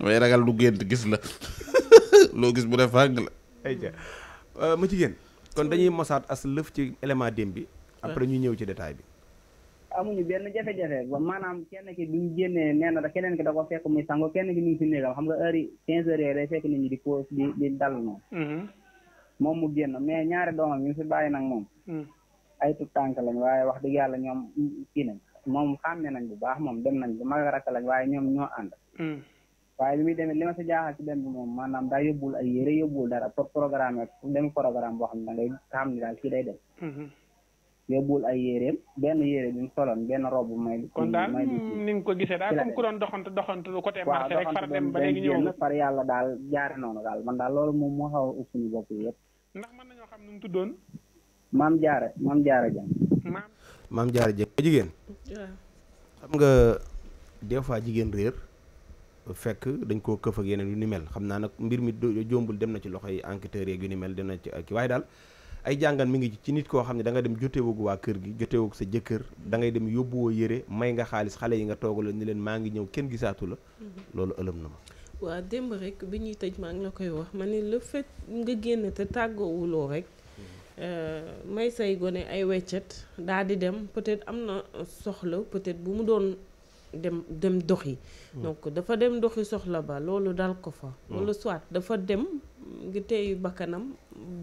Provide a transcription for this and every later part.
damay ragal lu gént gis la loo gis bu def fàng la. Euh, mu ci jigéen kon dañuy mosaat as lëf ci élément démb bi. après ñu ñëw ci détail bi. amuñu benn jafe-jafe ba maanaam kenn ki bi génnee nee na da keneen ki da ko fekk muy sango kenn ki mu ngi si néegam xam nga heure yi day fekk nit ñi di pause di di dal noonu. Mm-hmm. moom mu génn mais ñaari doomam ñu fi bàyyi nag moom. Mm. ay tut tànk lañ waaye wax dëgg yàlla ñoom kii moom xàmme nañ bu baax moom dem nañ bu mag a rakk lañ waaye ñoo ànd. Mm. waaye bi muy demee li ma si jaaxal ci dem bi moom maanaam daa yóbbul ay yére yóbbul dara pour programme dem programme boo xam ne dangay xam ne daal kii day dem. Mm-hmm. yóbbul ay yéreem benn yére bi mu soloon benn robe may. kon daal ni nga ko gisee daal comme ku doon doxantu doxantu côté marché rek far dem ba léegi ñëw yàlla daal jaare noonu daal man daal loolu moom moo xaw a ëpp suñu bopp yëpp. ndax mën nañoo xam nu mu tuddoon. maam jaare maam jaare jàng. maam jaare jàng jigéen. xam nga des fois jigéen réer. fekk dañ koo këf ak yeneen yu ni mel xam naa nag mbir mi jombul dem na ci loxoy enquêteurs yeeg yu ni mel dem na ci kii waaye daal ay jàngan mi ngi ci nit koo xam ne da nga dem joteewug waa kër gi joteewug sa jëkkër da ngay dem yóbbuwoo yére may nga xaalis xale yi nga toogala ni leen maa ngi ñëw kenn gisaatu la mm-hmm. loolu ëlëm na ma waa démb rek bi ñuy tëj maa ngi la koy wax ma ne le fait nga génn te tàggoowuloo rek mm-hmm. euh, may say gone ay weccet daal di dem peut am na soxla peut bu mu doon dem dem doxi hmm. donc dafa dem doxi soxla ba loolu dal ko fa wala hmm. soit dafa dem ngi tey bakkanam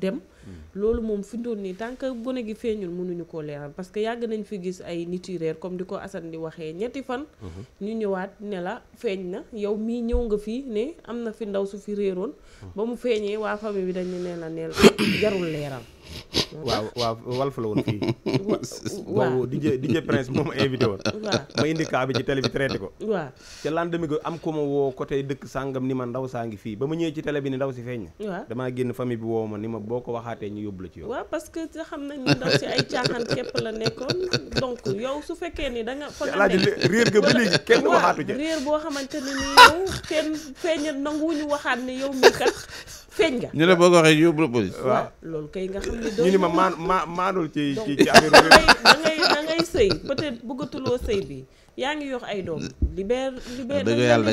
dem hmm. loolu moom fi ndoon nii tant que gone gi feeñul mënuñu koo leeral parce que yàgg nañ fi gis ay nit yu réer comme di ko Assane di waxee ñetti fan ñu ñëwaat ne la feeñ na yow mii ñëw nga fii ne am na fi ndaw su fi réeroon ba mu feeñee waa famille bi dañu ne la neel jarul leeral waaw waaw Walf la woon fii. waaw boobu DJ DJ Prince moom invité woon. ma indi kaa bi ci télé bi traité ko. waaw ca am ko ma woo côté dëkk sàngam ni ma ndaw saa ngi fii ba ma ñëwee ci télé bi ni ndaw si feeñ na. dama damaa génn famille bi woo ma ni ma boo ko waxaatee ñu yóbbu la ci yow. waaw parce que xam nañ ne ndaw si ay caaxaan képp la nekkoon donc yow su fekkee ni da nga. fa nga nekk réer ga ba léegi kenn waxaatu ca. réer boo xamante ne ni yow kenn waxaat ne feeñ nga. ñu la boo ko waxee yóbbu la police. waaw loolu kay nga xam ne. ni ma maan maanul ci ci ci affaire bi. da ngay ngay sëy peut-être bëggatuloo sëy bi. yaa ngi yor ay doom. libère libère dëgg yàlla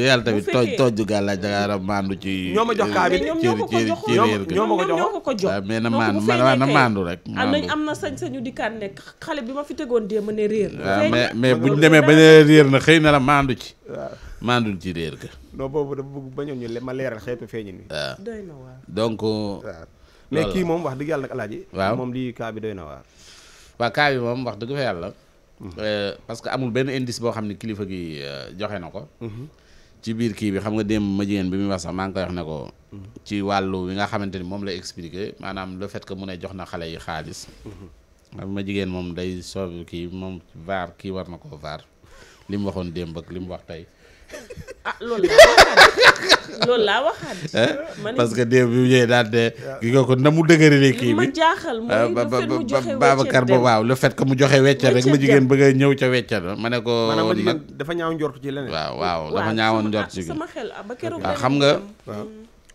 yàlla tamit tooj tooju gàllaaj da ngaa maandu ci. ñoo ma jox kaa bi ñoom ñoo ma ko jox ñoo ko ko na maandu na maandu rek. xale bi ma fi ne réer. mais mais bu ñu demee ba ne réer na xëy na la maandu ci. waaw ci réer ga. non boobu dafa ñu ma leeral xeetu feeñin bi. donc. Euh, mais kii moom wax dëgg yàlla alaaj alaaji. waaw moom lii kaa bi doy na waar. waaw kaa bi moom wax dëgg yàlla Euh, parce que amul benn indice boo xam ne kilifa gi euh, joxe na ko. Mhm. ci biir kii bi xam nga démb ma jigéen bi muy wax sax maa ngi koy wax ne ko. Mhm. ci wàllu wi nga xamante ni moom la expliqué maanaam le fait que mu ne jox na xale yi xaalis. Mhm. ma jigéen moom day soob kii moom vaar kii war na koo vaar li mu waxoon démb ak li mu wax tey. ah laa waxaat loolu laa waxaat que démb bi mu ñëwee daal de gi nga ko na mu dëgëralee kii bi ma jaaxal ah, ba waaw le fait ko mu joxe wecca rek ma jigéen bëgg a ñëw ca wecca ma ne ko ma jigéen dafa ñaaw njortu ci leneen waaw waaw dafa ñaawoon njort ah, ci sama xel ah, xam nga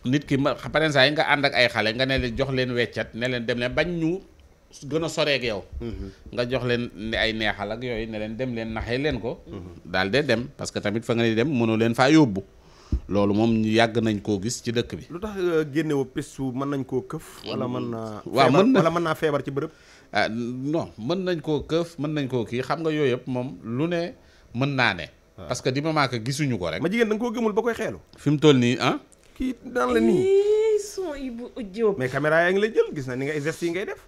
nit ki ma par exemple yi nga ànd ak ay xale nga ne jox leen weccat ne leen dem leen bañ ñu gën a soreeg yow mhm. nga jox leen ay neexal ak yooyu ne leen dem leen naxee leen ko mhm. daal de dem parce que tamit fa nga ne dem mënoo leen faa yóbbu loolu moom yàgg nañ koo gis ci dëkk bi lu tax euh, génnewu pistu mën nañ koo këf wala mën naa mën na wala naa feebar ci bërëb ah mën nañ koo këf mën nañ koo kii xam nga yooyu yëpp moom lu ne mën naa ne ah. parce que di ma maaka gisuñu ko rek ma jigéen da nga koo gëmul ba koy xeelu fi mu toll nii ah kii daan la nii son yi bu Diop. mais caméra yaa ngi jël gis na ni nga ay yi ngay def.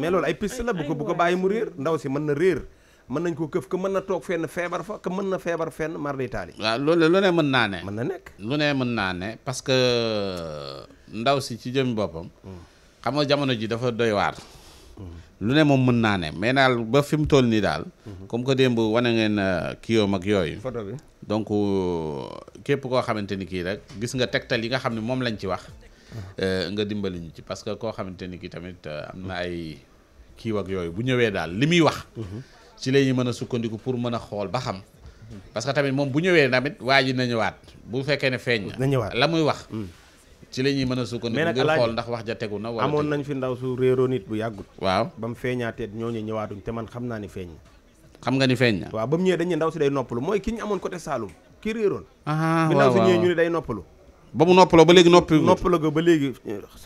mais loolu ay piste la bu ko bu ko bàyyi mu réer ndaw si mën na réer. mën nañ koo këf que mën na toog fenn feebar fa que mën na feebar fenn mar day taali. waaw loolu lu ne mën naa ne. mën na nekk lu ne mën naa ne parce que euh, ndaw si ci jëm boppam. Mm. xam nga jamono ji dafa doy waar. Mm. lu ne moom mën naa ne mais daal ba fi mu toll nii daal. comme que démb wane ngeen euh, kii yoom ak yooyu. photo bi donc euh, képp koo xamante ni kii rek gis nga tegtal yi nga xam ne moom lañ ci wax. Ah. Euh, nga dimbali ñu ci parce que koo xamante ni kii tamit am na ay kii ak yooyu bu ñëwee daal li muy wax. Mm-hmm. ci la ñuy mën a sukkandiku pour mën a xool ba xam. Mm-hmm. parce que tamit moom bu ñëwee tamit waa ji na ñëwaat bu fekkee ne feeñ na. la muy wax. Mm. ci la ñuy mën a sukkandiku ngir xool ndax wax ja tegu na wala amoon nañ fi ndaw su réeroo it bu yàggut waaw ba mu feeñaatee ñooñu ñëwaatuñ te man xam naa ni feeñ xam nga ni feeñ na waaw ba mu ñëwee dañ ndaw si day noppalu mooy ki ñu amoon côté Saloum ki réeroon ah, day noppalu ba mu noppaloo ba léegi noppi noppalu ga ba léegi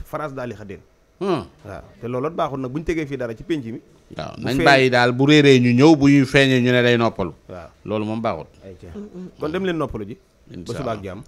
France daal di xadeen hmm. waaw te loolu baaxul nag bu ñu tegee fii dara ci penc mi waaw nañ bàyyi daal bu réeree ñu ñëw bu ñuy feeñee ñu ne day noppalu loolu moom baaxul kon dem leen noppalu ji ba suba ak jàmm